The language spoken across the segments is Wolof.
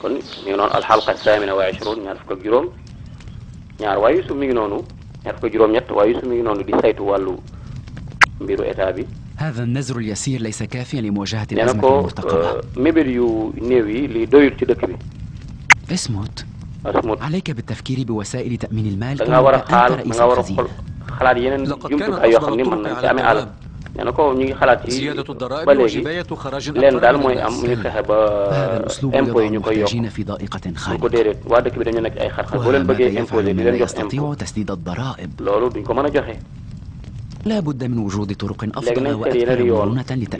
kon mi ngi noonu alxalqa samina wa ishrun ñaar fukk ak ñaar waaye su mi noonu ñaar fukk mi ngi noonu di saytu wàllu mbiru état bi. هذا النزر اليسير ليس كافيا لمواجهة الأزمة المستقبة. mébét yu néew yi li doyul ci dëkk bi. اصمت. اصمت. عليك بالتفكير بوسائل تأمين المال. da ngaa war a xaal da war a xool xalaat yeneen jumtukaay yoo xam ni mën nañ ci amee alal. nee na ko ñu ngi xalaat ci ba léegi leen daal mooy am ñu fexe ba impôts yi ñu koy yokk bu ko déedéet waa dëkk bi dañu nekk ay xar-xar boo leen bëggee imposer di leen jox impôt loolu duñ ko mën a joxe. léegi nañ seet yeneen yoon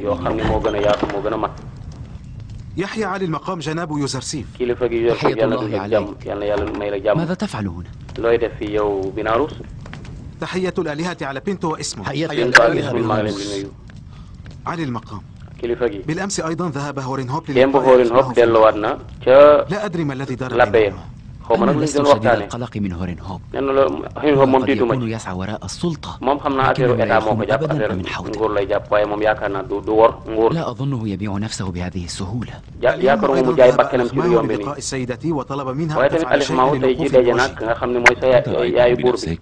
yoo xam ne moo gën a yaatu moo gën a mat. يحيى علي المقام جناب يوزرسيف كيلو فقي يوزرسيف يلا يلا يلا يلا ماذا تفعل هنا؟ لو يدفي يو بناروس تحية الآلهة على بنتو واسمه تحية الآلهة بالمغرب علي المقام kilifa gi démb Horenhop delluwaat na ca Labeye xaw ma nag lu ñu doon waxtaanee nee na loolu Horenhop moom tiitu ma ci moom xam naa affaire état moo ko jàpp affaire nguur lay jàpp waaye moom yaakaar naa du du wor nguur ja yaakaaruma mu jaay bakkanam ci lu yomb nii waaye tamit Alioune Mawu tey jii daje na ak nga xam ne mooy sa yaayu buur bi.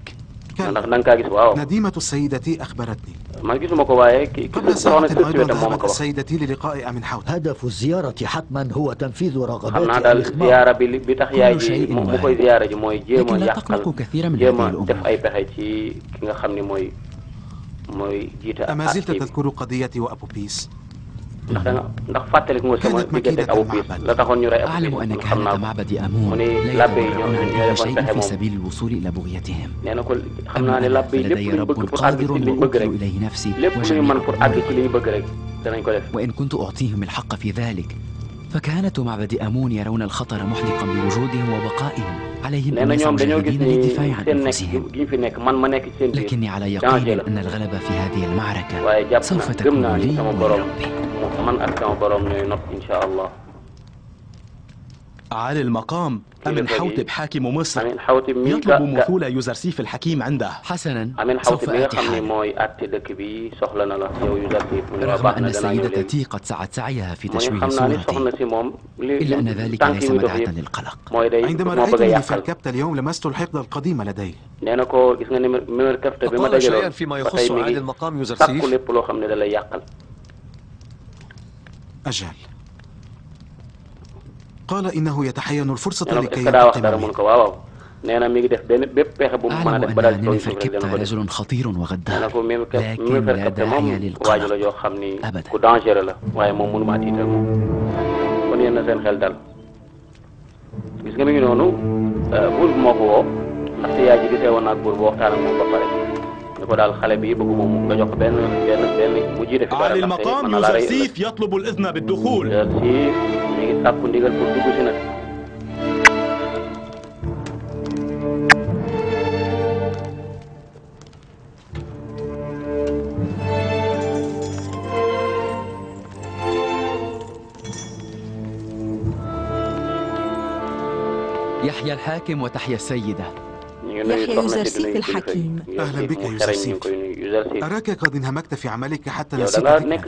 ndax da nga kaa gis waaw nadimatu saydati axbaratni man gisuma ko waaye ki soxna si si wetam moo ma ko wax hadafu ziyarati xatman huwa tanfidu ragabati xam naa daal ziyaara bi li bi tax yaay ji mu koy ziyaara ji mooy jéem a yàqal jéem a def ay pexe ci ki nga xam ne mooy mooy jiita. ama zilta tadkuru qadiyati wa abu biis ndax da nga ndax fàttaliku nga sama diggante ak Abu Biir la taxoon ñu rey Abu Biir man xam naa ko mu ne labbe yi ñoom ñoo defoon pexe moom nee na ko xam naa ne labbe yi lépp lu ñu bëgg pour àgg ci li ñu bëgg rek lépp lu ñu mën pour àgg ci li ñu bëgg rek danañ ko def. فكهنة معبد آمون يرون الخطر محدقا بوجودهم وبقائهم عليهم أن يصنعوا جاهدين للدفاع عن أنفسهم لكني على يقين أن الغلبة في هذه المعركة سوف تكون لي ولربي من أكرم برمنا إن شاء الله علي المقام أمين حوتب حاكم مصر يطلب مثول يوزرسيف الحكيم عنده حسنا سوف آتي رغم أن السيدة تي قد سعت سعيها في تشويه صورتي إلا أن ذلك ليس مدعاة للقلق عندما رأيتني فاركبت اليوم لمست الحقد القديم لدي أقال شيئا فيما يخص علي المقام يوزرسيف أجل qaala innahu yataxayanu alfursata lkay dara mun ko waaw nee na mi ngi def benn bépp pexe bu mu mën a def ba daal di suuf rek dana ko def nee na ko même képp mi ngi fekk moom waaju la yoo xam ni ku dangereux la waaye moom mënu maa tiital moom kon yéen na seen xel dal gis nga mi ngi noonu euh, buur bi moo ko woo ndaxte yaay ji gisee woon naa buur bu waxtaan ak moom ba pare ni ko daal xale bi bëgguma mu nga jox benn benn benn mu jiite fi barab ndax tey mën na laa rey ëllëg Yuusuf mi ngi sàkku ndigal pour dugg si nag. يحيى الحاكم وتحيا السيدة يحيى يوزرسيك الحكيم أهلا بك يا يوزرسيك أراك قد انهمكت في عملك حتى نسيت أنا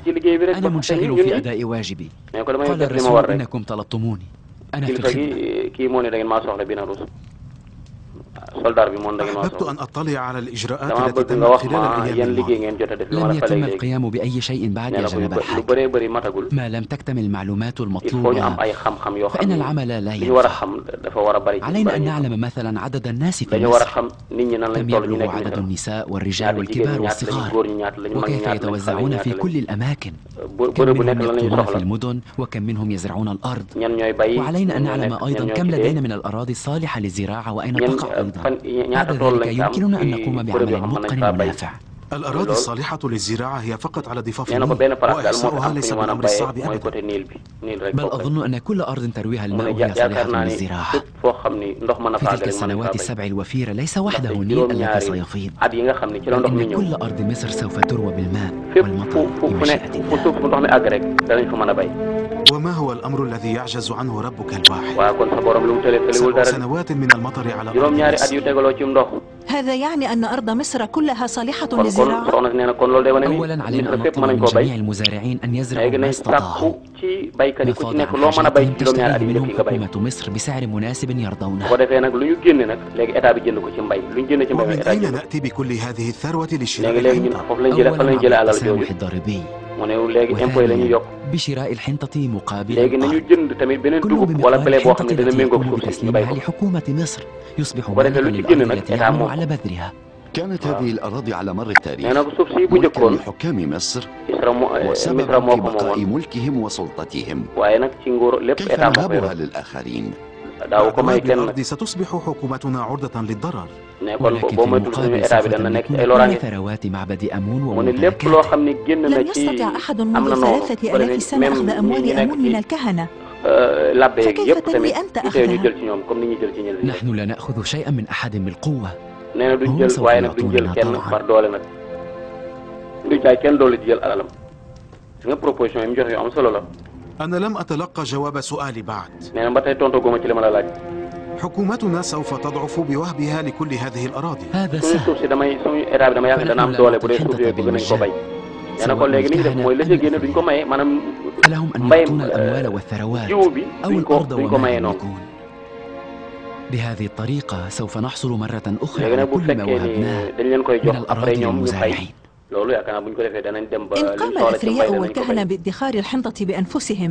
منشغل في أداء واجبي قال الرسول إنكم طلبتموني أنا في الخدمة soldaar bi moom da ngeen ma أحببت أن أطلع على الإجراءات التي تمت خلال الأيام الماضية لم يتم القيام بأي شيء بعد يا جناب الحاج ما لم تكتمل المعلومات المطلوبة فإن العمل لا ينفع علينا أن نعلم مثلا عدد الناس في مصر كم يبلغ عدد النساء والرجال والكبار والصغار وكيف يتوزعون في كل الأماكن كم منهم يقتلون في المدن وكم منهم يزرعون الأرض وعلينا أن نعلم أيضا كم لدينا من الأراضي الصالحة للزراعة وأين تقع أيضا fan ñaata tool lañ am ci bërëb yoo xam mën nañ faa béy الأراضي الصالحة للزراعة هي فقط على ضفاف النيل وإحصاؤها ليس بالأمر الصعب أبدا بل أظن أن كل أرض ترويها الماء هي صالحة للزراعة في تلك السنوات السبع الوفيرة ليس وحده النيل الذي سيفيض ولكن كل أرض مصر سوف تروى بالماء والمطر بمشيئة الله وما هو الأمر الذي يعجز عنه ربك الواحد سبع سنوات من المطر على أرض مصر هذا يعني أن أرض مصر كلها صالحة للزراعة أولا علينا أن نطلب من جميع المزارعين أن يزرعوا ما استطاعوا مفاضع حشرتهم تشتريه منهم حكومة مصر بسعر مناسب يرضونه ومن أين نأتي بكل هذه الثروة لشراء الحنطة أولا على التسامح الضريبي وثانيا بشراء الحنطة مقابل léegi nañu jënd tamit beneen dugub wala blé boo xam ne dana méngoog suuf si ñu béy ko لحكومة مصر يصبح bu defee lu ci génn nag état moo على بذرها كانت هذه الأراضي على مر التاريخ nee na suuf si bu njëkkoon لحكام مصر Misra moo eh, Misra moo ko moomoon وسبب في بقاء ملكهم وسلطتهم waaye nag ci nguur lépp état moo koy كيف نهبها للآخرين daaw ko may kenn nag ستصبح حكومتنا عرضة للضرر ne kon boo moytuwul suñu état bi dana nekk ay loraange mu ne lépp loo xam ne génn na ci am na noonu ba même ñi ñu nekk ci labbe yeeg yëpp tamit ñu tee ñu jël ci ñoom comme ni ñuy jël ci ñeneen ñi. nee na duñ jël waaye nag duñ jël kenn par doole nag duñ jaay kenn doole di jël alalam. su nga proposition yi mu joxe yu am solo la. أنا لم أتلقى جواب سؤالي بعد حكومتنا سوف تضعف بوهبها لكل هذه الأراضي هذا سهل nee na kon léegi li ñu def mooy la ca génne duñ ko maye maanaam mbay jiw bi duñ ko duñ ko maye noonu. بهذه الطريقة سوف نحصل مرة أخرى على كل ما وهبناه من الأراضي للمزارعين loolu yaakaar naa bu ñu ko defee danañ dem ba. li ñu soxla ci mbay danañ ko béy إن قام الأثرياء والكهنة بادخار الحنطة بأنفسهم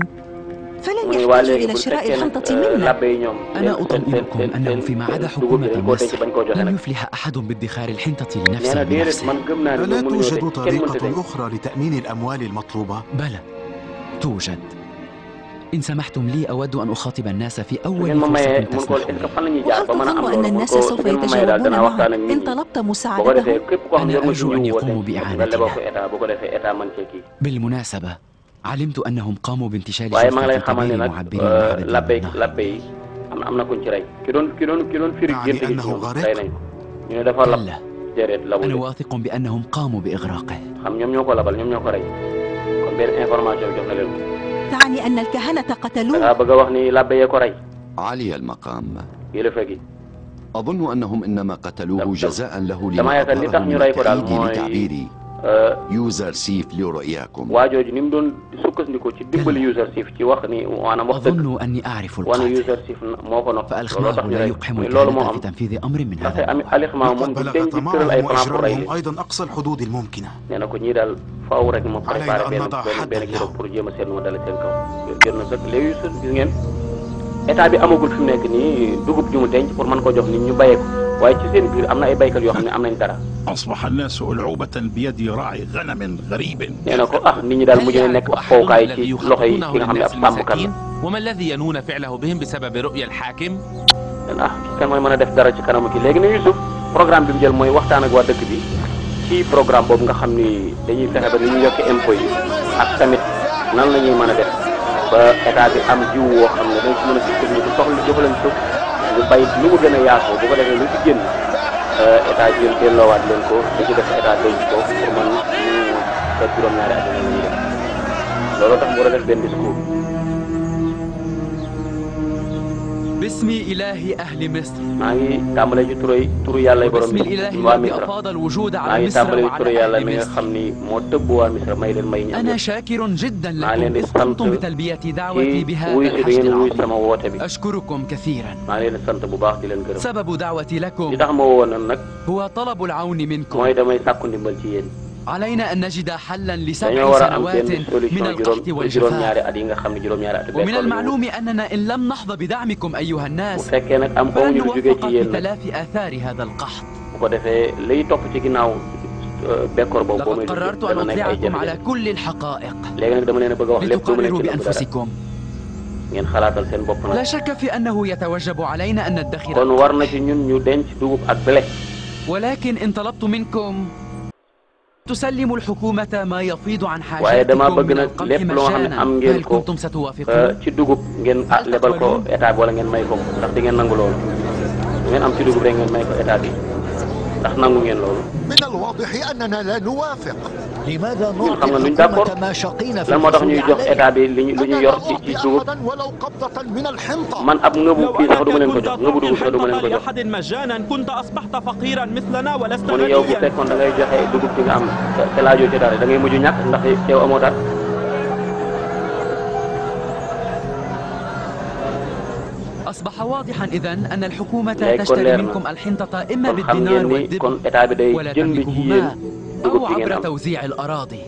فلن يحتاجوا إلى شراء الحنطة منا أنا أطمئنكم أنه فيما عدا حكومة مصر لن يفلح أحد بادخار الحنطة لنفسه بنفسه ألا توجد طريقة أخرى لتأمين الأموال المطلوبة؟ بلى توجد إن سمحتم لي أود أن أخاطب الناس في أول فرصة تسمحوني وأظن أن الناس سوف يتجاوبون معهم إن طلبت مساعدتهم أنا أرجو أن يقوموا بإعانتنا بالمناسبة علمت أنهم قاموا بانتشال شرطة كبير معبرين لبيك am na kuñ ci rey ki doon ki doon ki doon firi gént gi rey nañ ñu ne dafa lab déedéet labu ana waathiq bi annahum qaamu bi igraqih xam ñoom ñoo ko labal ñoom ñoo ko rey kon benn information jox na leen تعني أن الكهنة قتلوه dangaa bëgg a wax ni làbbe yee ko rey عالي المقام kilifa gi أظن أنهم إنما قتلوه جزاء له لما قاله من التأييد لتعبيري Euh, user chief li ru'yakum waajoo ji ni mu doon sukkandiku ci dimbali user chief ci wax ni maanaam wax dëgg anni a'rifu al-qatil wana user chief moo ko nopp فالإخماء لا يقحم الكلمة في تنفيذ أمر من هذا الإخماء قد بلغ طمعهم وإجرامهم أيضا أقصى الحدود الممكنة علينا أن نضع bi amagul fi mu nekk nii dugub ji mu denc pour man ko jox ni ñu bàyyeeku waaye ci seen biir am na ay béykat yoo xam ne am na dara. asbaha annaasu ul'uubatan bi yadi raa'i ghanamin gharib. nee ko ah nit daal mujj na nekk ab fowkaay ci loxo yi ki nga xam ne ab sàmmkat la. ma alladhi yanuuna fi'lahu bihim bisababi ru'ya al a def dara ci kanamu ki léegi ne Youssouf bi mu jël mooy waxtaan ak waa dëkk bi ci programme boobu nga xam ni dañuy fexe ba ni ñu yokk impôt yi ak tamit nan la ñuy mën a def ba état bi am jiw woo xam ne dañ si mën a gis technique soxla jëfandikoo ñu bay lu mu gën a yaatoo bu ko defee lu ci génn euh, état jël leen ko li ci def état denc ko pour man ñu toog juróom-ñaari at yi ñu def tax mu war a def benn discours باسم إله أهل مصر maa ngi tàmbalee ci turu turu yàlla borom mi waa Misra maa ngi tàmbalee ci turu yàlla mi nga xam ni moo tëbb waa Misra may leen may ñaan maa ngi leen di sant ci wuyu si bi ngeen wuyu sama woote bi maa ngi leen di sant bu baax di leen gërëm li tax ma woo woon nag mooy damay sàkku ndimbal ci yéen علينا أن نجد حلا لسبع سنوات من القحط والجفاف ومن المعلوم أننا إن لم نحظى بدعمكم أيها الناس فلن نوفق بتلافي آثار هذا القحط لقد قررت أن أطلعكم على كل الحقائق لتقرروا بأنفسكم لا شك في أنه يتوجب علينا أن ندخر ولكن إن طلبت منكم waaye damaa bëgg nag lépp loo xam ne am ngeen ko ci dugub ngeen ah, lebal ko état bi wala ngeen may ko ndax di ngeen nangu loolu ngeen am ci dugub rek ngeen may ko état bi ndax nangu ngeen loolu. الواضح أننا لا نوافق لماذا نعطي الحكومة ما شقينا في moo tax ñuy jox état bi li ñu yor ci ci dugub man ab ngëbu kii sax du ma leen ko jox ngëbu dugub sax du ma leen ko jox mu ne yow bu fekkoon da ngay joxe dugub bi nga am te laajoo ci dara da ngay mujj ñàkk ndax yow amoo dara أصبح واضحا إذا أن الحكومة تشتري منكم الحنطة إما بالدينار والدرهم ولا تملكهما أو عبر توزيع الأراضي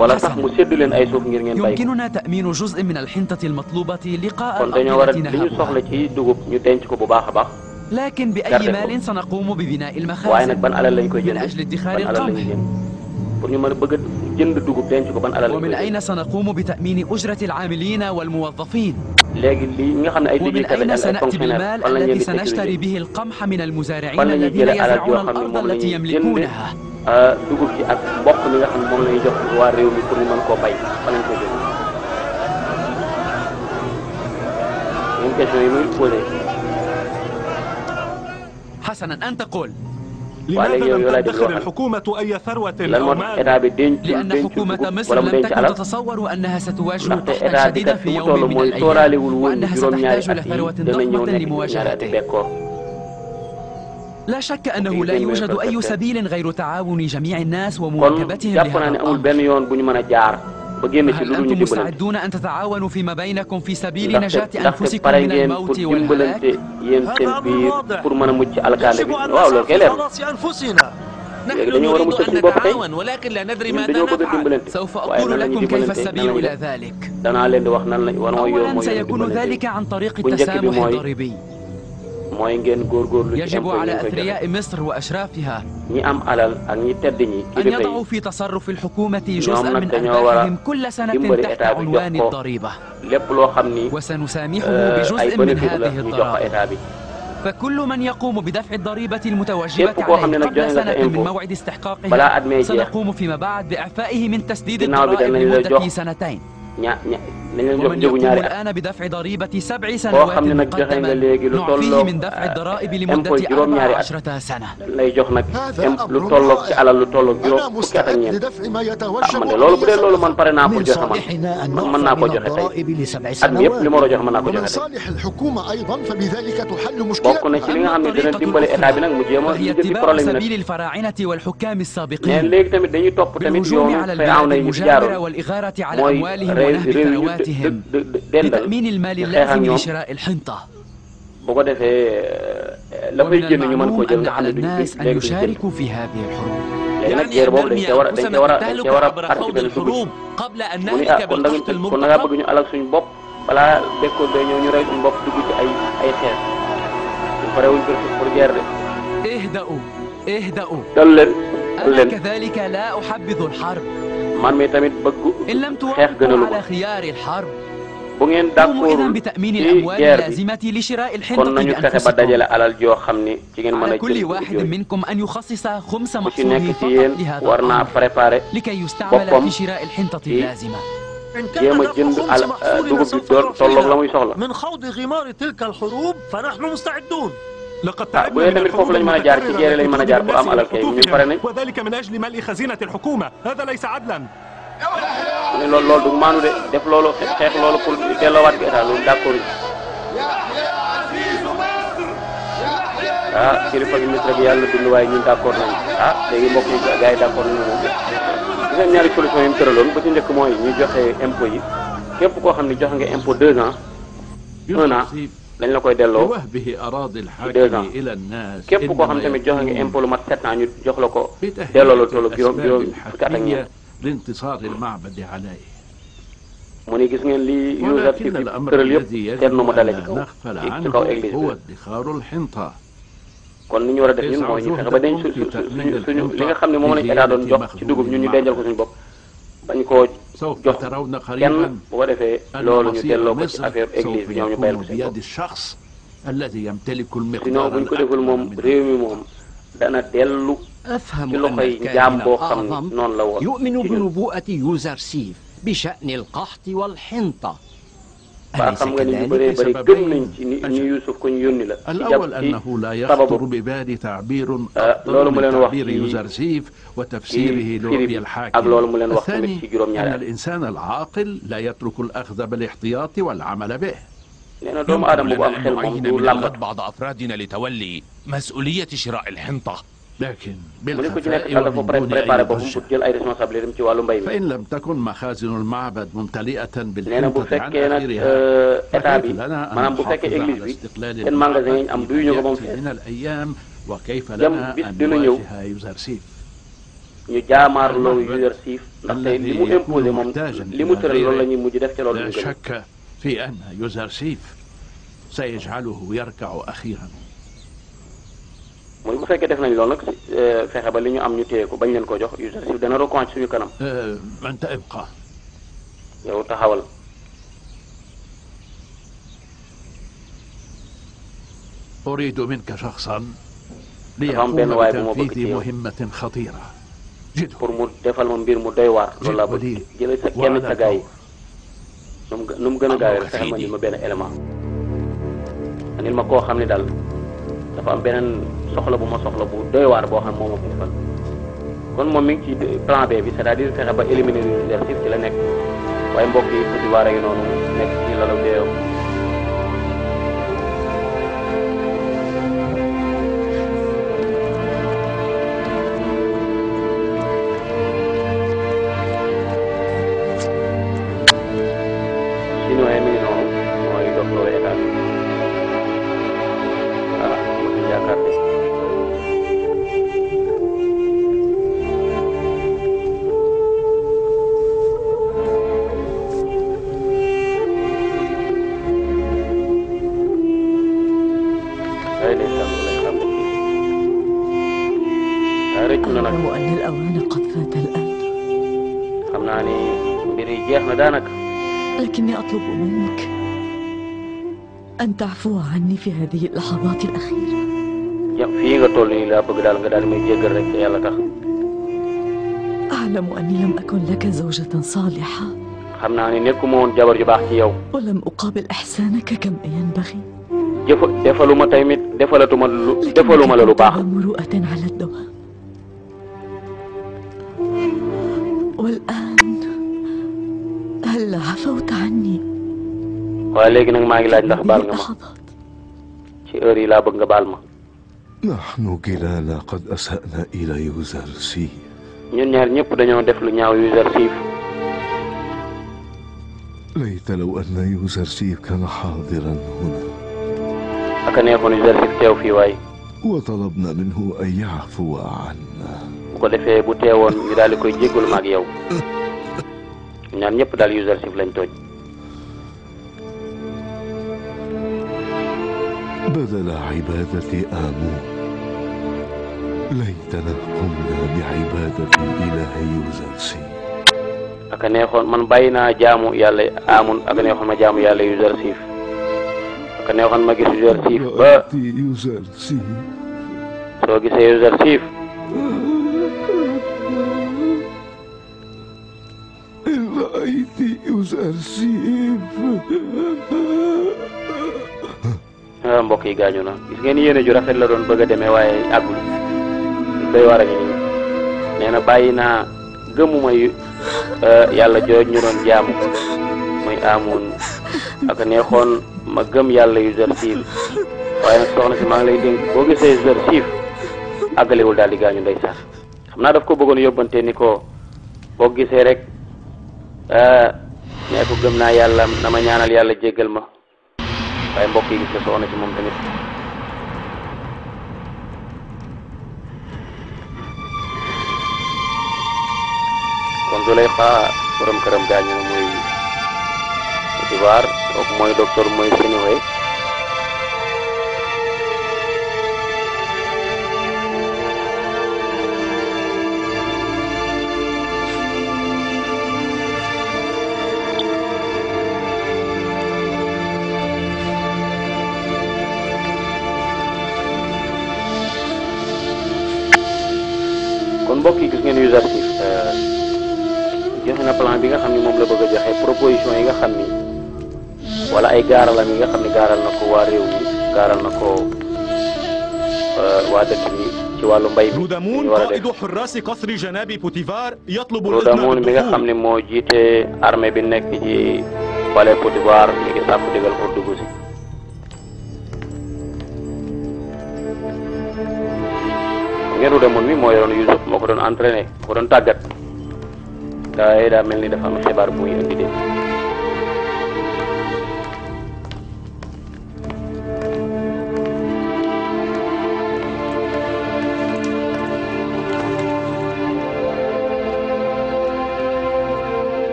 wala sax mu séddu leen ay suuf ngir ngeen bay yumkinuna ta'minu juz'in min al-hinta al-matluba liqa'a kon dañoo war a li ñu soxla ci dugub ñu denc ko bu baax a baax lakin bi ay malin sanaqumu bi bina'i al-makhazin waaye nag ban alal lañ koy jënd ban alal lañ jënd pour ñu mën a bëgg a jënd dugub denc ko ban alal wa min ayna sanaqumu bi ta'min ujrati al-'amilina wal-muwaddafin léegi lii ñi nga xam ne ay liggéeykat lañ ak ay fonctionnaire fan la ñuy jëlee nastari bihi al-qamha min al-muzari'in alladhina yazra'una al-ardha allati yamlikuna euh, dugub ci ak mboq mi nga xam ne moom la ñuy jox waa réew mi pour ñu mën koo bay fan lañ koy jëlee ñun question yi muy posé حسنا أن تقول waaye léegi yow yow laay déglu waxal lan moo tax état bi denc denc dugub wala mu denc alal ndaxte état bi kat fi mu toll mooy tooraalewul woon juróom-ñaari at yi dana ñëw nekk juróom-ñaari at bekkoor. لا شك أنه لا يوجد أي سبيل غير تعاون جميع الناس ومواكبتهم لهذا الأمر ba génn ci lu dul ñu dimbalante ndaxte pare ngeen pour dimbalante yéen seen biir pour mën a mucc alkaane bi waaw loolu kay leer léegi dañoo war a mucc suñu bopp tey ñun dañoo bëgg a dimbalante waaye nan la ñuy dimbalante nan la ñuy def danaa leen di wax nan la war mooy yoon mooy yoon dimbalante bu njëkk bi mooy. mooy ngeen góorgóorlu ci impôt yi ko joxe ñi am alal ak ñi tedd ñi kilifa yi ñoom nag dañoo war a dimbali état bi jox ko lépp loo xam ni ay bénéfice la ñu jox ko état bi. فكل من يقوم بدفع الضريبة المتوجبة عليه قبل سنة من موعد استحقاقها سنقوم فيما بعد بإعفائه من تسديد الضرائب لمدة سنتين nañu jox njëgu ñaari at boo xam ne nag joxe nga léegi lu tolloog impôt juróom-ñaari at lay jox nag impôt lu tolloog ci alal lu tolloog juróom fukki at ak ñeent ah man de loolu bu dee loolu man pare naa ko joxe man mën naa ko joxe tey at mi yëpp li ma war a joxe mën naa ko joxe tey bokk na ci li nga xam ne dina dimbali état bi nag mu jéem a jëndi problème yi nag mais léegi tamit dañuy topp tamit yoonu fay aw na yi ñu fi jaaroon mooy réew réew ومناعتهم لتأمين المال اللازم لشراء الحنطة bu ko defee la koy jënd ñu mën koo jël nga xam ne duñ duñ يشاركوا في هذه الحروب léegi nag guerre boobu dañ cee war a dañ cee war a dañ cee war a participer lu dugg mu ni ah kon da nga kon da ngaa bëgg ñu alal suñu bopp balaa bekkoon day ñëw ñu rey suñu bopp dugg ci ay ay xeer ñu pare wuñ pour pour guerre de. اهدأوا اهدأوا dal leen leen man mi tamit bëgg xeex gënalu ma bu ngeen d'accordul ci guerre bi kon nañu fexe ba dajale alal joo xam ni ci ngeen mën a jël ku ci nekk ci yéen war naa préparer boppam ci jéem a jënd al dugub bi doon tolloog la muy soxla. ah bu dee tamit foofu lañ mën a jaar ci géere lañ mën a jaar pour am alal kay ñu pare nañ. mu ne loolu loolu du maanu de def loolu xeex loolu pour delloowaat bi état loolu d'accord ah kilifa bi ministre bi yàlla dund waaye ñun d'accord nañu ah léegi mbokk yi gars yi d'accord nañu moom gis nga ñaari yi mu tëraloon ba njëkk mooy ñu joxe impôt yi képp koo xam ne joxe nga impôt deux ans dañ la koy delloo ci deux ans képp koo xam tamit joxe nga impôt lu mat sept ans ñu jox la ko delloo la tollu juróom juróom fukki at ak ñeent mu ne gis ngeen lii yuusat ci tëral yëpp seet nu mu dalee ci kaw ci kaw église kon ni ñu war a def ñun mooy ñu fexe ba denc suñu suñu li nga xam ne moom lañu état doon jox ci dugub ñun ñu dencal ko suñu bopp bañ koo jox kenn bu ko defee loolu ñu delloo ko ci affaire église bi ñoom ñu bayal ko seen bopp sinon bu ñu ko deful moom réew mi moom dana dellu ci loxoy jaam boo xam ne noonu la woon ci ñun. waa xam nga ni ñu bëree bëri gëm nañ ci ni ni Youssouf ko ñu yónni la. ci jàpp ci sababu ah, loolu mu leen wax ci ci firi ak loolu mu leen wax tamit ci juróom-ñaari at. nee na doomu aadama bu am xel moom du làmbat. لكن بالخفاء والمن دون أي ضجة فإن لم تكن مخازن المعبد ممتلئة بالحنطة عن آخرها فكيف لنا أن نحافظ على استقلال المعبد في من الأيام وكيف لنا أن نواجه يوزر سيف ñu jaamaarloo user siif ndaxte li mu imposé moom li mu tëral loolu la ñuy mujj def ca loolu la ñu gën. لا شك في أن يوزر سيف سيجعله يركع أخيرا mooy bu fekkee def nañ loolu nag euh, fexe ba li ñu am ñu téye ko bañ leen ko jox usage dana reconc suñu kanam. Euh, man ta euh, ibqa yow taxawal. uridu minka shaxsan li yaquuma bi tanfiidi muhimmatin xatiira pour mu defal ma mbir mu doy waar. loolu laa bëgg jëlee sa kenn sa gars nu mu gën a gaawee fexe ma ni ma benn élément. anil ma koo xam ne daal. dafa am beneen soxla bu ma soxla bu doy waar boo xam moom moo fi fan kon moom mi kii ci plan B bi c'est-à-dire fexe ba éliminer les exercices ci la nekk waaye mbokk yi Côte d'Ivoire yi noonu nekk ci lalu deewam. العفو عني في هذه اللحظات الأخيرة يا في nga toll nii laa bëgg daal nga daal may jéggal rek te yàlla tax أعلم أني لم أكن لك زوجة صالحة xam naa ne nekkuma woon jabar ju baax ci yow ولم أقابل إحسانك كما ينبغي jëf defaluma tamit defalatuma lu defaluma la lu baax مروءة على الدوام والآن هل عفوت عني waa léegi nag maa ngi laaj ndax baal nga ma ci heure yi laa bëgg nga baal ma. nahnu kilana qad asa'na ila Yuzarsif. ñun ñaar ñëpp dañoo def lu ñaaw Yuzarsif. layta law anna Yuzarsif kana xaadiran huna. aka neexoon Yuzarsif teew fii waay. wa talabna minhu an yaafuwa anna. bu ko defee bu teewoon ñu daal di koy jégalu ma ak yow. ñaar ñëpp daal Yuzarsif lañ tooj. بذل عبادة آمون laytana qumna bi ibadati ilahi yuzarsi aka neexoon man bàyyi naa jaamu yàlla amun aka neexoon ma jaamu yàlla yuzarsif aka neexoon ma gis yuzarsif ba yuzarsif soo gisee yuzarsif rayti yuzarsif Ah, mbokk yi gaañu na gis ngeen yéene ju rafet la doon bëgg a demee waaye àggul doy war a ngi nii na bàyyi naa gëmuma yu ah, yàlla jooj ñu doon jaamu muy amoon ak neexoon ma gëm yàlla yu zër siif waaye nag soxna si maa ngi lay dénk boo gisee zër siif àggalewul daal di gaañu ndeysaan xam naa daf ko bëggoon yóbbante ni ko boo gisee rek ah, nee ko gëm naa yàlla na ma ñaanal yàlla jéggal ma waaye mbokk yi gis nga soxna si moom tamit kon Zuleyxa borom këram gaañu na muy Dibaar kooku mooy docteur mooy Sénégal. mbokk yi gis ngeen UGACIF euh, joxe bi nga xam ni moom la bëgg a joxe proposition yi nga xam ni wala ay gaaralam yi nga xam ni gaaral na ko waa réew mi gaaral na ko euh, waa dëkk bi ci wàllu mbay mi ñu war a def Roudamoun mi nga xam ni moo jiite armée bi nekk ci palais Potiphar mi ngi sàkku digal pour dugg si. ngeen Roudamoun mi moo yoroon Youssouf. moo ko doon entraîné moo ko doon tàggat daaye daa mel ni dafa am xibaar bu muy indi de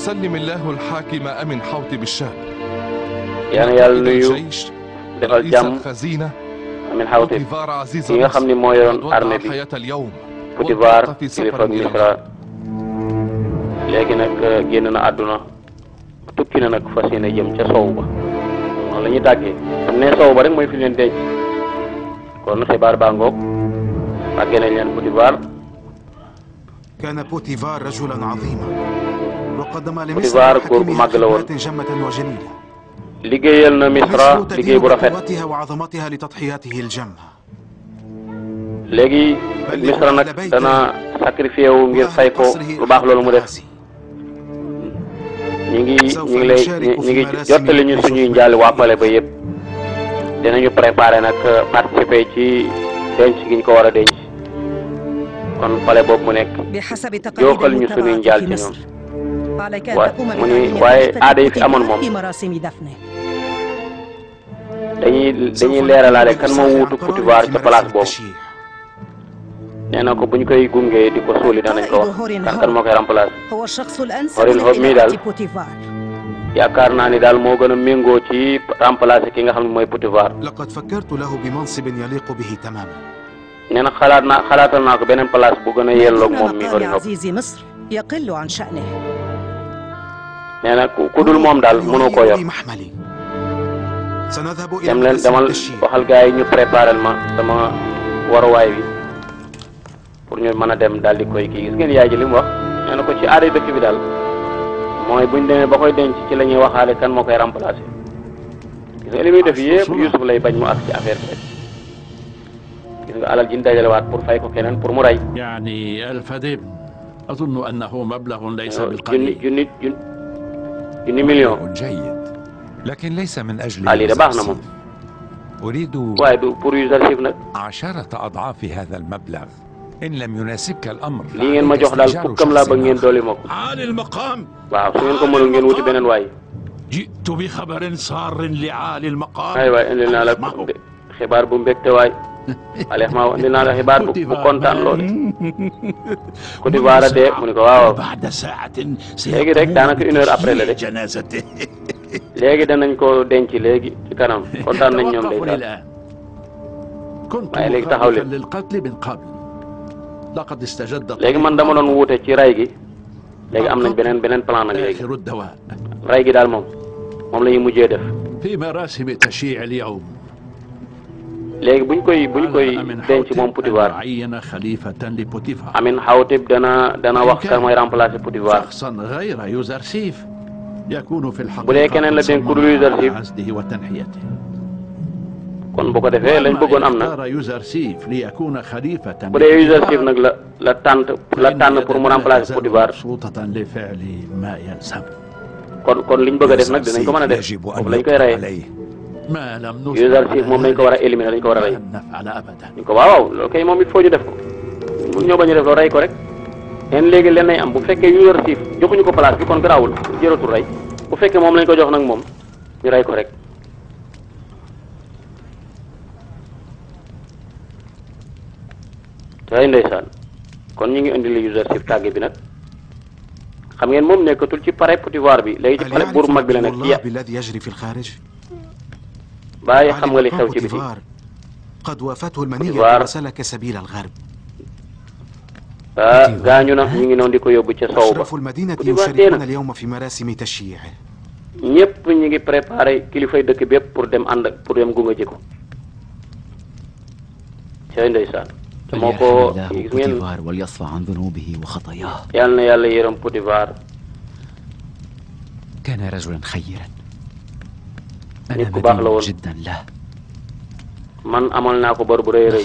فليسلم الله الحاكم أمن حوطب الشام yàlla na yàlla nuyu defal jàmm min Hawtin ki nga xam ni moo yoroon armée bi Potifar kilifa Misra léegi nag génn na àdduna tukki na nag fas yéene jëm ca sow ba noonu la ñuy tàggee xam ne sow ba rek mooy fi leen denc kon xibaar baa ngoog tàggee nañ leen Potifar كان بوتيفار رجلا عظيما وقدم لمصر حكيم حكمات جمة وجليلة liggéeyal na Misra liggéey bu rafet léegi Misra nag dana sacrifié wu ngir fay ko lu baax loolu mu def ñi ngi ñi ngi lay ñi ngi jottali ñu suñuy njaal waa pale ba yëpp dinañu préparé nag participer ci denc gi ñu ko war a denc kon pale boobu mu nekk joxal ñu suñuy njaal ci ñoom waaye mu ni waaye aada yi fi amoon moom dañuy dañuy leeralaale kan moo wuutu Potifar ca place boobu nee na ko bu ñu koy gungee di ko suuli danañ ko wax kan moo koy remplacer Horin Hob mii daal yaakaar naa ni daal moo gën a méngoo ci remplacer ki nga xam ne mooy la Potifar. nee na xalaat naa xalaatal naa ko beneen place bu gën a yelloog moom mi Horin Hob. nee na ku dul moom daal mënoo koo yor dem leen demal waxal gars yi ñu préparel ma sama waruwaay bi pour ñu mën a dem daal di koy kii gis ngeen yaay ji li mu wax nee ko ci aada dëkk bi daal mooy buñ demee ba koy denc ci la ñuy waxaale kan moo koy remplacer gis nga li muy def ah, yëpp Yuusuf lay bañ mu ak ci affaire bi gis nga alal ji ñu dajalewaat pour fay ko keneen pour mu rey. junni 60 مليون لكن ليس من اجل علي ربحنا اريد واحد بور يوزرشيب نك 10 اضعاف هذا المبلغ ان لم يناسبك الامر لي ngeen ma jox daal fukkam laa bëgg ngeen dolli ma ko عالي المقام waaw su ngeen ko mënul ngeen wuti beneen waay جئت بخبر سار لعالي المقام aywa indil naa la xibaar bu mbégte waay Alex maa indil naa la xibaar bu bu kontaan lool Côte d'Ivoire a ko waaw léegi rek daanaka une heure après la de léegi danañ ko denc léegi ci kanam kontaan nañ ñoom day daal waaye léegi taxaw leen léegi man dama doon wuute ci ray gi léegi am nañ beneen beneen plan nag léegi ray gi daal moom moom la ñuy mujjee def. léegi buñ koy buñ koy denc moom Potifar Amin Xawtib dana dana wax kan mooy remplacer Potifar bu dee keneen la dénk ku dul Yuzarsif kon bu ko defee lañ bëggoon am na bu dee Yuzarsif nag la la tànn la tànn pour mu remplacer Potifar. kon kon liñ bëgg a def nag dinañ ko mën a def foofu lañ koy rayee. user moom dañ ko war a éliminer dañ ko war a rey ñu ko waaw loolu kay moom it foo ñu def ko mun ñoo bañ a def loolu rey ko rek leen léegi leen nay am bu fekkee user joxuñu ko place bi kon garaawul jëratul rey bu fekkee moom lañ ko jox nag moom ñu rey ko rek waaye ndeysaan kon ñu ngi indi li usership tàgge bi nag xam ngeen moom nekkatul ci palais Potifar bi léegi ci palais buur mag bi la nekk bàyyi xam nga li xew ci biti Côte ah gaañu na ñu ngi noonu di ko yóbbu ca Sow ba Côte d'Ivoire ñëpp ñu ngi préparé kilifay dëkk bépp pour dem ànd pour dem gunga ji ko. sey ndeysaan. te moo ko gis ngeen yal na yàlla yërëm Côte d'Ivoire. nit ku baax la woon man amal naa ko bor bu rëy rëy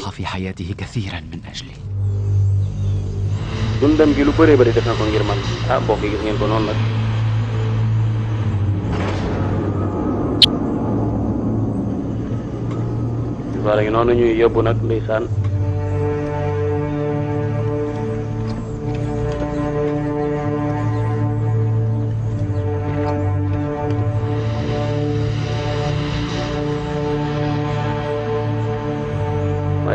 dundam gi lu bëree bëri def na ko ngir man ah mbokk yi gis ngeen ko noonu nag wala ngi nag ndeysaan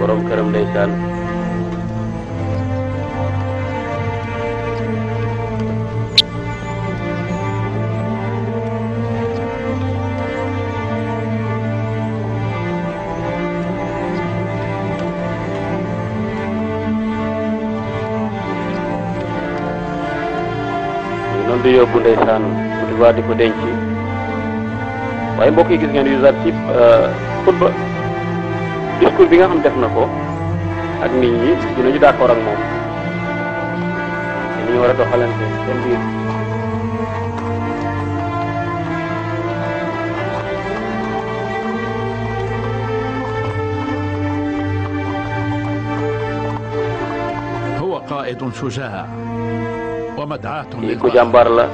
borom këram ndeysaan noonu di yóbbu ndeysaan bu di ko denc waaye mbokk yi gis ngeen yu zat ci xutba discours bi nga xam def na ko ak nit ñi dinañu d'accord ak moom te ni ñu war a doxalante seen biir kii ku jàmbaar la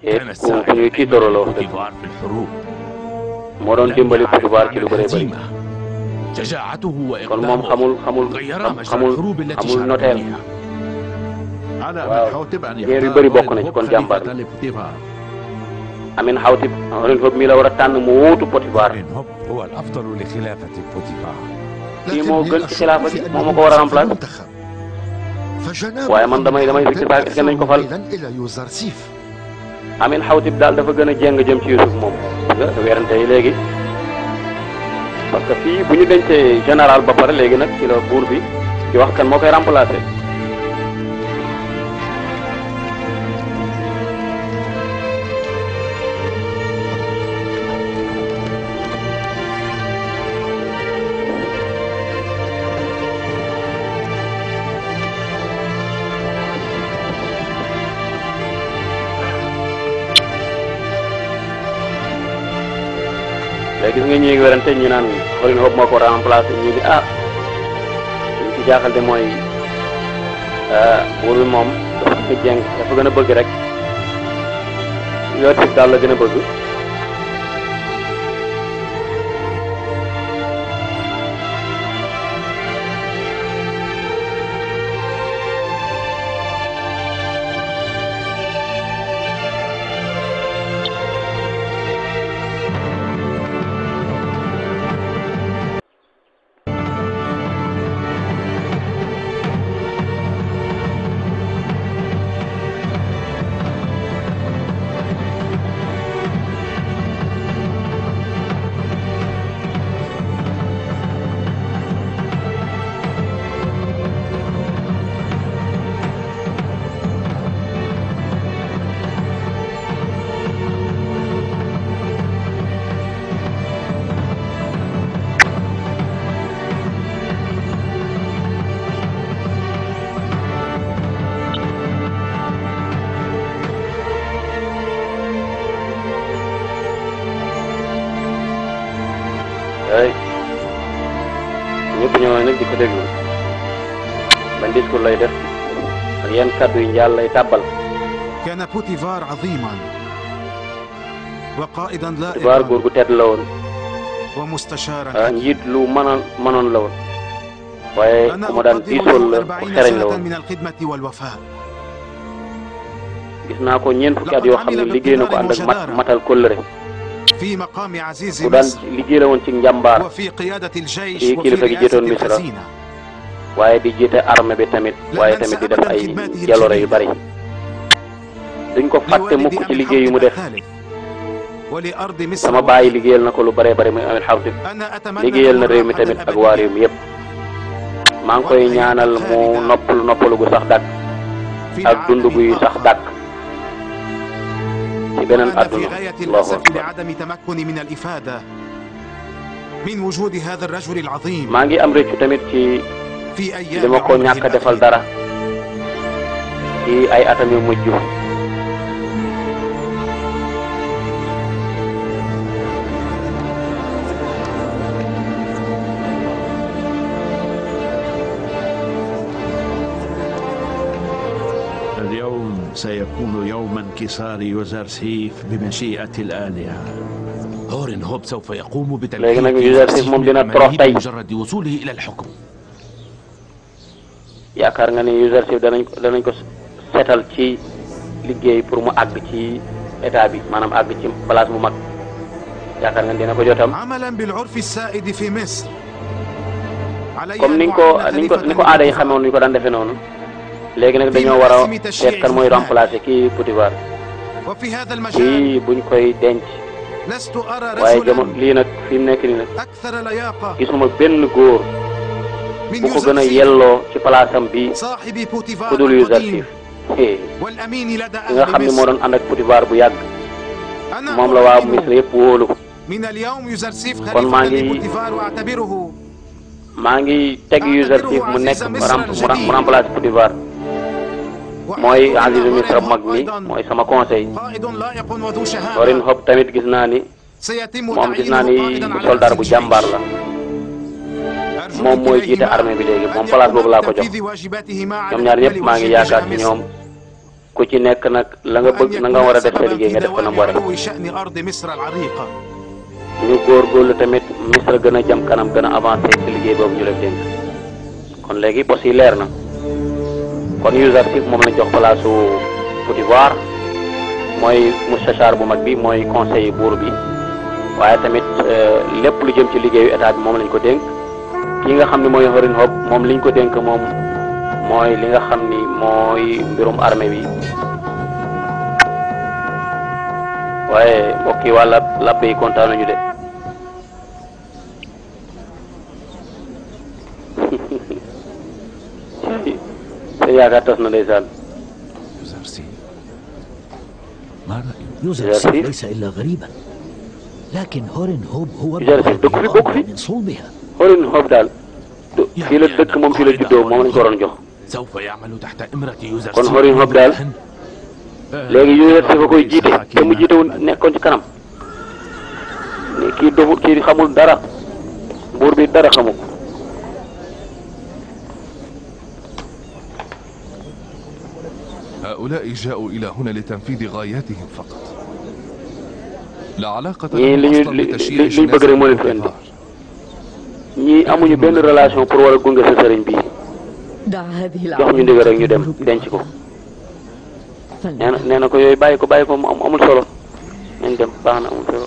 te ku ñuy tiitaroo la wax moo doon dimbali Potifar ci lu bëree bëri kon moom xamul xamul xamul xamul noteel waaw géer yu bëri bokk nañ kon jàmbaar bi Amin Xawtib Amin Xob mii la war a tànn mu wuutu Potifar kii moo gën ci xilaafa bi moo ma ko war a remplacer waaye man damay damay fikir baax est-ce que nañ ko fal Amin Xawtib daal dafa gën a jéng jëm ci Yusuf moom. nga weerante yi léegi parce que fii bu ñu dencee général ba pare léegi nag ci la buur bi di wax moo koy remplacer. gis nga ñi ngi werante ñu naan Colin Hope moo ko remplacé ñu ni ah jaaxal de mooy euh, buur moom dafa gën a bëgg rek yooyu daal la gën a bëgg. kaddu yi yàlla lay tàbbal. kaana Potifar aziman wa qaa'idan laa'iqan Potifar góor gu tedd la woon. wa mustashaaran ah, njiit lu mën a mënoon la woon. waaye ku ma daan diisool la ku xereñ la woon. gis naa ko ñeent fukki at yoo xam ne liggéey na ko ànd ak mat matal kóllëre. ku daan liggéey la woon ci njàmbaar. ci kilifa gi jiitoon Misra. waaye di jiite armée bi tamit waaye tamit di def ay jaloore yu bari duñ ko fàtte mukk ci liggéey yu mu def sama bàyyi liggéeyal na ko lu bëree bari muy amel xabdib liggéeyal na réew mi tamit ak waa réew mi maa ngi koy ñaanal mu noppalu noppalu gu sax dàkk ak dund guy sax dàkk ci beneen àdduna maa ngi am rëccu tamit ci li ma ko ñàkk a defal dara ci ay atam yu mujj سيكون يوم انكسار يوزرسيف بمشيئة الآلهة هورن هوب سوف يقوم بتنفيذ مجرد وصوله إلى الحكم yaakaar nga ni usership danañ ko danañ ko seetal ci liggéey pour mu àgg ci état bi maanaam àgg ci place bu mag yaakaar nga ni dina ko jotam comme niñ ko niñ ko ni ko aada yi xamewoon ni ñu ko daan defee noonu léegi nag dañoo war a seet kan mooy remplacer kii Potifar kii buñ koy denc waaye jamono lii nag fi mu nekk nii nag gisuma benn góor bu ko gën a yelloo ci palaasam bi ku dul Youssouf ki nga xam ne moo doon ànd ak Potifar bu yàgg moom la waa Misra yëpp wóolu kon maa ngi maa ngi teg Youssouf mu nekk mu remplace Potifar mooy azizu Misra bu mag mi mooy sama conseil Dorin Hope tamit gis naa ni moom gis naa ni soldaar bu jàmbaar la. moom mooy jiite armée bi léegi moom place boobu laa ko jox ñoom ñaar ñëpp maa ngi yaakaar ci ñoom ku ci nekk nag la nga bëgg na nga war a def sa liggéey nga def ko na mu waree ñu góorgóorlu tamit Misra gën a jëm kanam gën a avancé ci liggéey boobu ñu leen dénk kon léegi bos yi leer na kon USAID moom la jox place su Côte d'Ivoire mooy mustachar bu mag bi mooy conseiller buur bi waaye tamit euh, lépp lu jëm ci liggéeyu état bi moom lañ ko dénk. ki nga xam ne mooy Hörring Hopp moom liñ ko dénk moom li nga xam ni mooy mbirum armée bi waaye mbokk yi waa làppe yi kontaan nañu de te yaakaar tas na ndeysaan Yuusuf laysa illaa gariiban lakin Hörring Hopp huwa dëkk fi bokk fi Orin Hope daal fii moom fii la juddoo moom lañ ko waroon jox kon Orin Hope daal léegi USAID dafa koy jiite te mu jiite wu nekkoon ci kanam kii doomu kii xamul dara buur bi dara xamu ko هؤلاء جاءوا إلى هنا لتنفيذ غاياتهم فقط لا علاقة ñii amuñu benn relation pour war a gunge sa sëriñ bi jox ñu ndigal rek ñu dem denc ko nee na nee na ko yooyu bàyyi ko bàyyi ko mu amul solo nañ dem baax na amul solo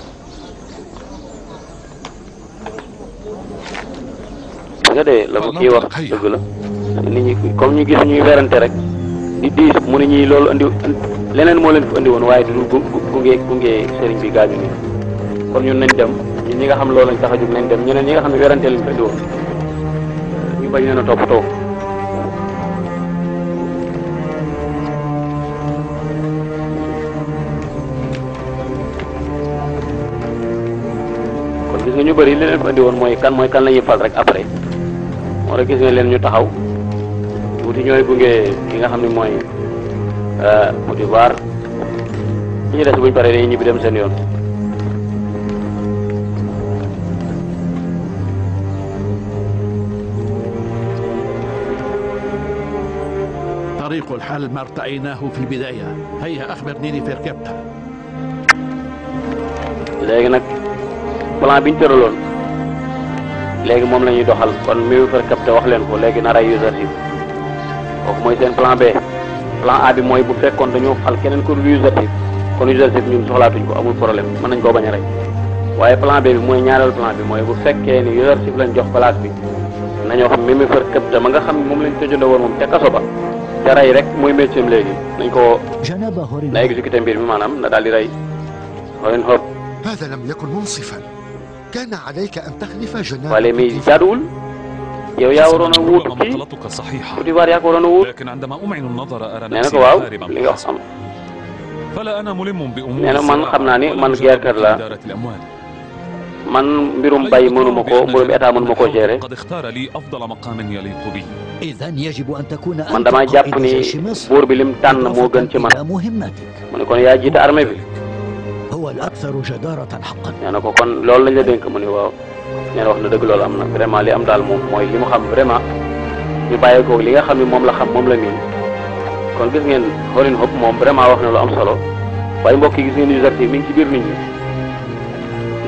parce que de la ko kii wax dëgg la nit ñi comme ñu gis ñuy werante rek di diis mu ne ñii loolu indi leneen moo leen fi indi woon waaye du gunge gunge sëriñ bi gaañu nii kon ñun nañ dem ñun ñi nga xam loolu lañ tax a jug nañ dem ñeneen ñi nga xam ne werante lañ ko ñu bari leen a toppatoo mooy kan mooy kan la ñuy fal rek après moo tax gis nga leen ñu taxaw tuuti ñooy gunge ki nga xam ne mooy Modivar euh, ñi des buñ pare dañuy ñibbi dem seen yoon. يطبق الحل ما ارتأيناه في البداية هيا أخبرني كيف ركبت léegi nag plan bi ñu tëraloon léegi moom lañuy doxal kon mi ngi capté wax leen ko léegi na a user oo mooy seen plan B plan A bi mooy bu fekkoon dañoo fal keneen ku dul user kon user ñun soxlaatuñ ko amul problème mën nañ koo bañ a rey waaye plan B bi mooy ñaareel plan bi mooy bu fekkee ni user lañ jox place bi nañoo xam mi ngi capté ma nga xam moom lañ tëjandoo woon moom ca kaso ba mooy métier am léegi nañ ko na exécuté mbir mi maanaam na daal di rey Horin Hop. waaye mais jaaduwul yow yaa waroon a wuutu kii Côte d'Ivoire yaa ko waroon a wuutu nee na ko waaw li nga wax am nee na man xam naa ni man gerte la. man mbirum bay mënuma ko mbirum état mënuma koo gérer man damaa jàpp ni buur bi lim tànn moo gën ci man mu kon yaa jiite armée bi nee na ko kon loolu lañ la dénk mu ne waaw nee na wax na dëgg loolu am na vraiment li am daal moom mooy li mu xam vraiment ñu bàyyi ko li nga xam ne moom la xam moom la miin kon gis ngeen xoolin xob moom vraiment wax na lu am solo waaye mbokk gis ngeen usagte mi ngi ci biir nit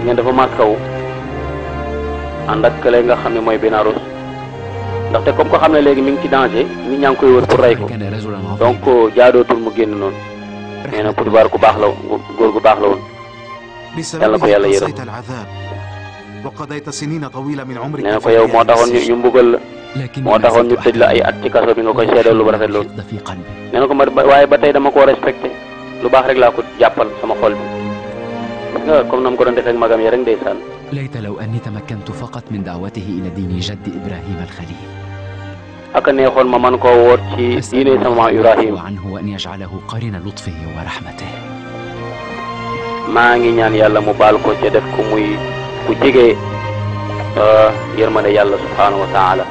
ne dafa marqué wu ànd ak kële nga xam ne mooy Benarouz ndaxte comme ko xam ne léegi mi ngi ci danger nit ñaa ngi koy wër pour rey ko donc euh, jaadootul mu génn noonu nee na Potifar ku baax la góor gu baax la woon yàlla ko yàlla yërëm nee na ko yow moo taxoon ñu mbugal la moo taxoon ñu tëj la ay at ci kaso bi nga koy seedal lu rafet loolu nee ko ma waaye ba tey dama koo respecté lu baax rek laa ko jàppal sama xol bi. comme nam ko doon defee ak magam ya rek ndeysaan ليت لو أني تمكنت فقط من دعوته إلى دين جد إبراهيم الخليل ak a neexoon ma man koo woor ci diine sama Ibrahim عنه وأن يجعله قرن لطفه ورحمته maa ngi ñaan yàlla mu baal ko ca def ko muy ku jege yërmande yàlla subhaanahu wa taala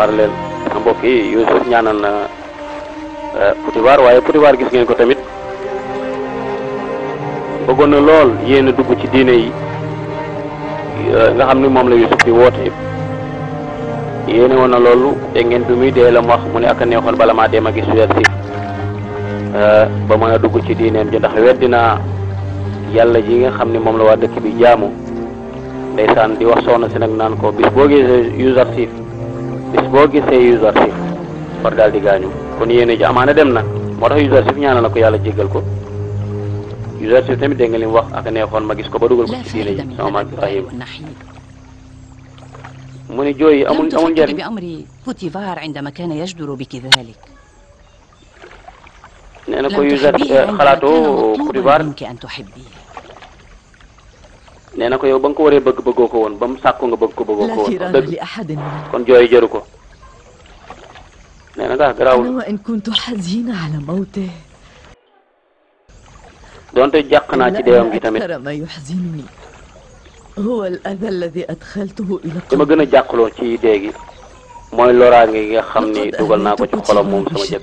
préparé leen mbokk yi Youssouf ñaanal na euh, Potivaar waaye Potivaar gis ngeen ko tamit bëggoon na lool yéen a dugg ci diine yi euh, nga xam ni moom la Youssouf di woote yéene woon na loolu te ngeen du muy dee la mu wax mu ne ak a neexoon bala maa dem a gis weer si euh, ba mën a dugg ci diineem ji ndax weddi naa yàlla ji nga xam ne moom la waa dëkk bi jaamu ndeysaan di wax soxna si nag naan ko bis boo gisee user siif bis boo gisee Youssouf war daal di gaañu kon yéen ji amaana dem na moo tax Youssouf ñaanal na ko yàlla jéggal ko Youssouf tamit dégg nga li mu wax ak neexoon ma gis ko ba dugal ko ci diine ji sama maam Ibrahima mu ne jooy amul amul njëriñ. nee na ko Youssouf xalaatoo Potifar. nee na ko yow ba nga ko waree bëgg bëggo ko woon ba mu sàkku nga bëgg ko bëggoo ko woon dëgg kon joy jëru ko nee na daal garaawul wa in kuntu xazina ala mawte doonte jàq naa ci deewam gi tamit ma yuxzinuni huwa al ada alladi adxaltuhu ila li ma gën a jàqloo ci dee gi mooy loraange nga xam ni dugal naa ko ci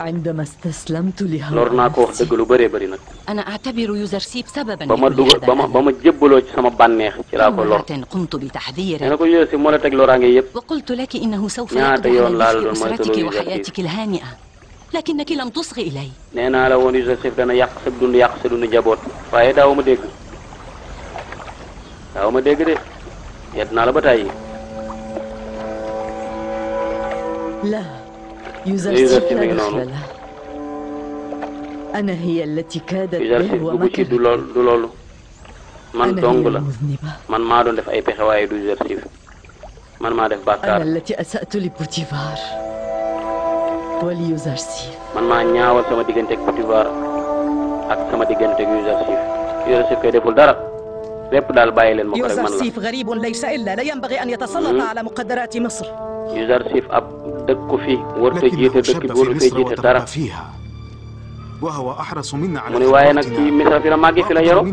عندما استسلمت لها lor naa ko wax dëgg lu bëree bëri nag. أنا أعتبر يوزرسيب سببا ba ma dugal ba ma ba ma jébbaloo ci sama bànneex ci laa ko lor. قمت بتحذيره nee na ko yooyu si moo la teg loraange yëpp. وقلت لك إنه سوف ñaata yoon laa la doon mooy tëloo وحياتك الهانئة لكنك لم تصغي إلي. nee naa la woon Youssouf dana yàq sa dund yàq sa dund njaboot. waaye daaw ma dégg daaw ma dégg de yedd naa la ba tàyyi. لا Youssouf mi ngi noonu. Youssouf dugg ci du lool du loolu. man dong la man maa doon def ay pexe waaye du Youssouf man maa def bàkkaar. man maa ñaawal sama digganteeg Potifar ak sama digganteeg Youssouf Youssouf kay deful dara. lépp daal bàyyi leen ma ko rek man la Yuzarsif garibun laysa illa la yanbaghi an yatasallat hmm? ala muqaddarati Misr Yuzarsif ab dëkku fi warut a jiite dëkk bi warut a jiite dara mu ne waaye nag ci Misra fi la màggee fi la yoroo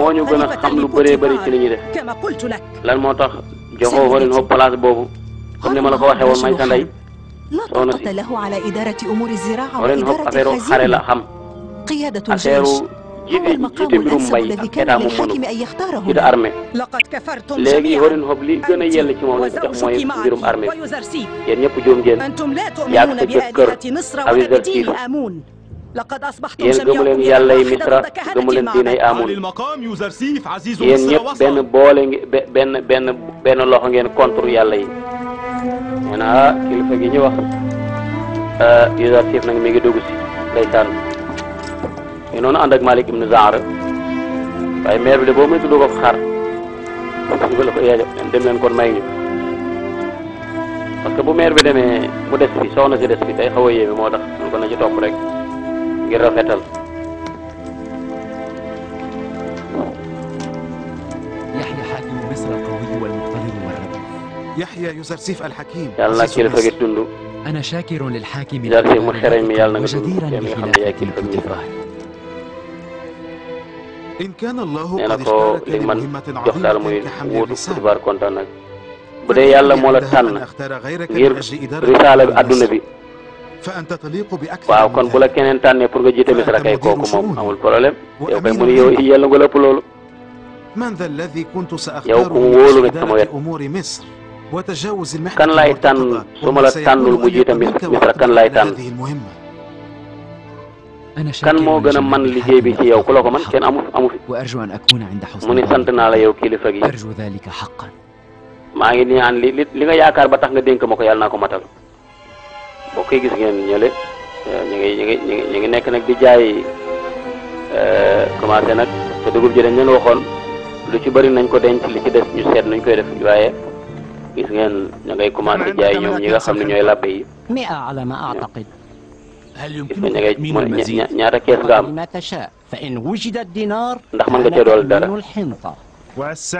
moo ñu gën a xam lu bëree bëri ci li ñuy def lan moo tax joxoo horin ho place boobu comme ni ma la ko waxee woon may sa ndey soxna si horin ho affaire xare la xam. قيادة الجيش jiite mbirum mbay ak état mu mënu ci da armée léegi horin hob li gën a yell ci moom lañ ko jox mooy mbirum armée bi yéen ñëpp juum ngeen yaag sa jëkkër Awizarsiilu yéen gëmu leen yàllay Misra gëmu leen Amun yéen ñëpp benn boole ngi benn benn loxo ngeen contre yàlla yi nee naa kilifa gi ñu wax Awizarsiil nag mi ngi dugg si ndeysaan ñu noonu ànd ak Malik ibnu Zaara waaye maire bi de boo ko xaar suba la ko yeele que bu maire bi demee mu des fi si des fi day xaw a yéeme moo tax ñu ko na ci topp rek ngir rafetal Yaxya Yusarsif al-Hakim. yàlla na kilifa gi dund. Yusarsif mu xereñ mi yàlla na nga dund. yaa ngi xam ne yaay kilifa gi nee na ko li man jox daal muy wuutu kutibaar kontaan bu dee yàlla moo la tànn ngir risaala bi adduna bi waaw kon bu la keneen tànnee pour nga jiite misra kay kooku moom amul problème yow kay mu ne yow yàlla nga lépp loolu yow ku mu wóolu nga sama wet kan laay tànn su ma la tànnul mu jiite misra kan laay tànn. kan moo gën a man liggéey bi ci yow ku la ko man kenn amu amu fi mu ni sant naa la yow kilifa gi maa ngi ñaan li li nga yaakaar ba tax nga dénk ma ko yàlla naa ko matal boo koy gis ngeen ñële euh, ñu ngi ñu ngi ñu ngi nekk nag di jaay euh, commencé nag te dugub ji dañ leen waxoon lu ci bëri nañ ko denc li ci des ñu seet nuñ koy def waaye gis ngeen ña ngay commencé jaay ñoom ñi nga xam ne ñooy labbe yi il ngay mooy ñaata kees nga am ndax mën nga cee dool dara su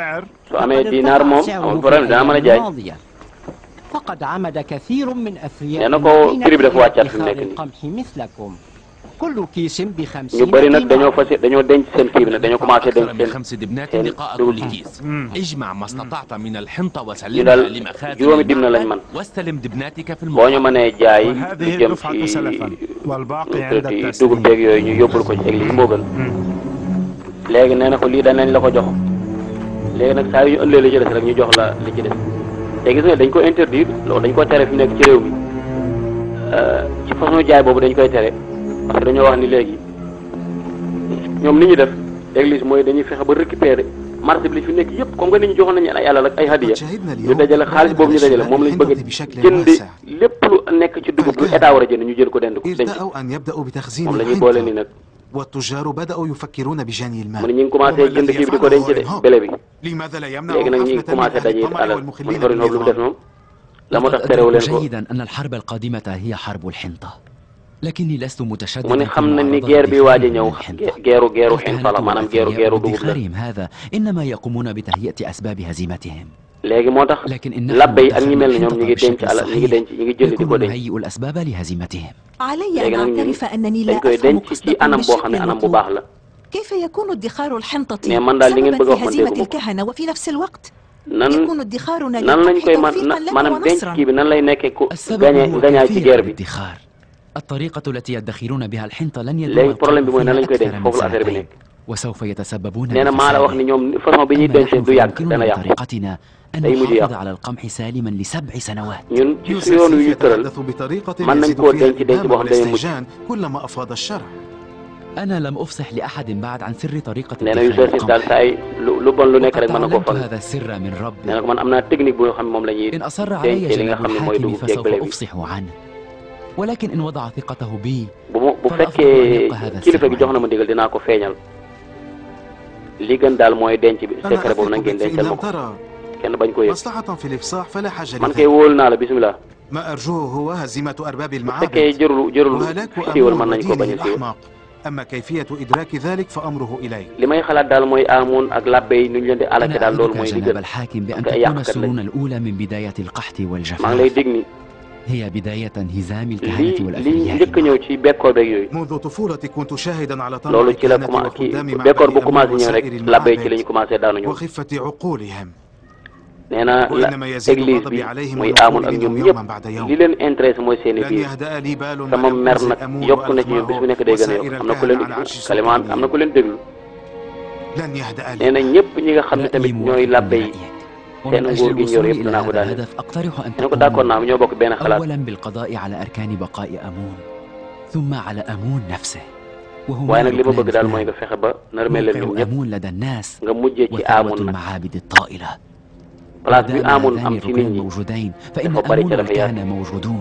amee dinaar moom amul problème dana mën a jaay. nee na ko prix bi dafa wàccaat fi mu nekk nii. ñu bëri nag dañoo fas dañoo denc seen kii bi nag dañoo commencé denc seen seen dugub ji. ñu daal juróomi dib na lañ man boo ñu mënee jaay lu jëm ci lu dugub beeg yooyu ñu yóbbul ko ci église moo gën. léegi nee na ko lii danañ la ko jox léegi nag saa yu ñu ëllee li ci des rek ñu jox la li ci des te gis nga dañ ko interdire loolu dañ ko tere fi nekk ci réew mi euh, ci façon jaay boobu dañ koy tere. ndax dañoo wax ni léegi ñoom li ñu def église mooy dañuy fexe ba récupérer marché bi li fi nekk yëpp comme que ni ñu joxoon nañu ay alal ak ay hadiya ñu dajale xaalis boobu ñu dajale moom lañ bëgg jëndi lépp lu nekk ci dugub lu état war a jënd ñu jël ko dend ko denc ñu ngi commencé jënd di ko denc de bële bi. léegi nag ñu ngi commencé daje alal mu tax terewu leen ko. جيدا أن الحرب القادمة هي حرب الحنطة. mu ne xam na ni guerre bi waaj a ñëw geeru geeru xinta la maanaam geeru geeru dugub la léegi moo tax labbe yi ak ñi mel ne ñoom ñu ngi denc alal ñu ngi denc ñu ngi jënd di ko denc léegi nag dañ koy denc ci anam boo xam ne anam bu baax la mais man daal li ngeen bëgg a wax man nan nan lañ koy man maanaam denc kii bi nan lay nekkee ku gañe gañaay ci guerre bi léegi problème bi mooy nan lañ koy denc foofu la affaire bi nekk nee na maa la wax ni ñoom façon bi ñuy dencee du yàgg dana yàqu day mujj yàqu ñun ci su yoon wi ñu tëral mën nañ koo denc denc boo xam dañuy mujj. أنا لم أفصح لأحد بعد عن سر طريقة nee na Youssouf daal saa yi lu lu bon lu nekk rek mën na koo fal هذا السر من ربي nee na man am naa technique boo xam ne moom la ñuy denc li nga xam ne mooy dugub jeeg bële bi ولكن إن وضع ثقته بي bu mu bu fekkee kilifa gi jox na ma ndigal dinaa ko feeñal li gën daal mooy denc bi secret boobu na ngeen dencal ma ko kenn bañ ko yëg man kay wóolu naa la bismillah bu fekkee jërul jërul siiwal mën nañ ko bañ a siiwal amma kayfiyatu idraki dhalik fa amruhu ilayk li may xalaat daal mooy aamoon ak labbe yi nu ñu leen di alake daal loolu mooy li gën parce que ay yàqkat lañ maa ngi lay dig ni هي بداية انهزام الكهنة والأفرياء لي njëkk ñëw ci bekkoor beeg yooyu منذ طفولتي كنت شاهدا على طمع loolu ci la bekkoor bu commencé ñëw rek ci la ñu daanu ñëw وخفة عقولهم nee muy amoon ak ñoom ñëpp li leen intéressé mooy seen i biir sama mer nag yokk na ci ñoom bis nekk day gën am na ku leen kalimaan ñi nga xam ne tamit ñooy seen nguur gi ñor yëpp danaa ko daal ñu ko d'accord naa ñoo bokk benn xalaat. waaye nag li ma bëgg daal mooy nga fexe ba narmeel leen ñoom ñëpp nga mujjee ci aamun nag place bi aamun am ci nit ñi dafa bari ca dafa yaatu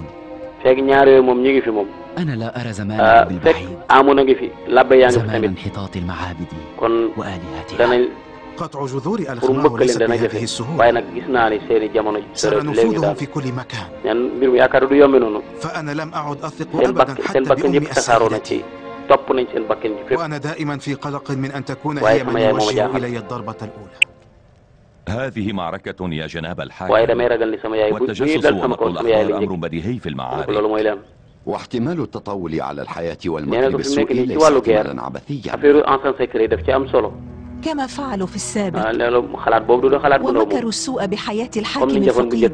feeg ñaar yooyu moom ñu ngi fi moom fekk aamun a ngi fi labbe yaa ngi fi tamit kon danañ. pour mbëkkaleen dana jafe waaye nag gis naa ne seen i jamono sore léegi daal ñaan mbir mi yaakaar du yombe noonu seen bakk seen bakkan yëpp tasaaroo na ci topp nañ seen bakkan ji fépp waaye sama yaay mooma jaaxal هذه معركة يا جناب الحاكم waaye damay ragal ni sama yaay bu ñuy dal sama kaw sama yaay la njëkk loolu mooy leen واحتمال التطاول على الحياة والمقلب السوء ليس احتمالا عبثيا affaire en secret daf ci am solo كما فعلوا في السابق ومكروا السوء بحياة الحاكم الفقير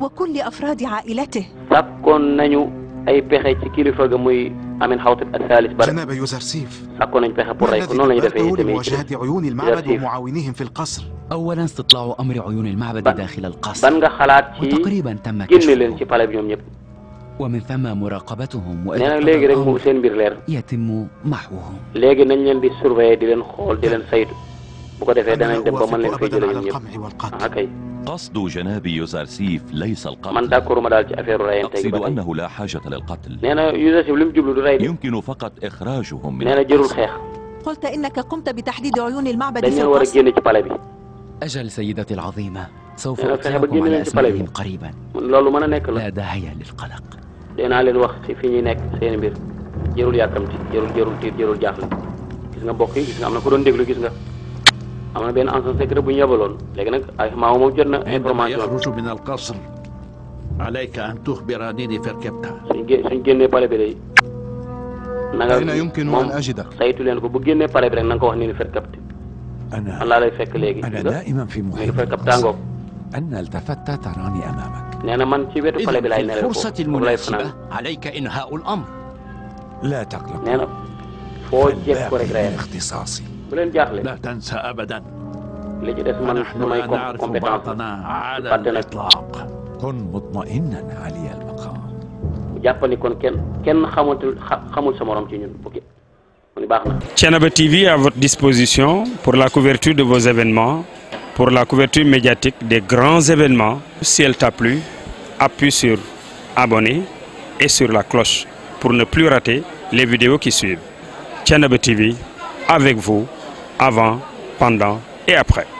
وكل أفراد عائلته ay pexe ci kilifa ga muy amin xawtib ak Salis Ba. janaaba Yuusuf. sakkoon nañ pexe pour rey ko noonu la ñuy defee tamit Yuusuf. أولا استطلاع أمر عيون المعبد داخل القصر. ban nga xalaat ci génne leen ci palais bi ñoom ñëpp. ومن ثم مراقبتهم nee nag léegi rek moom seen mbir leer يتم محوهم léegi nañ leen di surveiller di leen xool di leen saytu bu ko defee danañ dem ba mën leen fay jëlee ñoom ñëpp ah kay قصد جناب يوزارسيف ليس القتل man d'accord ma daal ci affaire rayante gi أقصد أنه لا حاجة للقتل nee na Youssouf li mu jublu du rey يمكن فقط إخراجهم من nee na jërul xeex قلت إنك قمت بتحديد عيون المعبد dañ leen war a génne ci palais bi أجل سيدتي العظيمة سوف أطلعكم على أسمائهم قريبا loolu mën a nekk la لا داعي للقلق dinaa leen wax ci fi ñuy nekk seen mbir jërul yàkkamti jërul jërul tiit jërul jaaxle gis nga mbokk yi gis nga am na ko doon déglu gis nga am na benn agent secret bu ñu yebaloon nag ay maamu moom jot na information suñ gé suñ génnee pale bi day na nga moom saytu leen ko bu génnee pare bi rek na nga ko wax ni ni ferkapte man laa lay fekk léegi gis nga ferkaptaa ngoog أن التفت تراني أمامك إذا في الفرصة المناسبة عليك إنهاء الأمر لا تقلق الباقي من اختصاصي لا تنسى أبدا نحن لا نعرف بعضنا على الإطلاق كن مطمئنا علي المقام jàppandi kon kenn kenn xamantul xamul sa morom ci ñun Thiénaba TV à votre disposition pour la couverture de vos événements pour la couverture médiatique des grands événements. Si elle t'a plu, appuie sur abonner et sur la cloche pour ne plus rater les vidéos qui suivent. Thiénaba TV, avec vous, avant, pendant et après.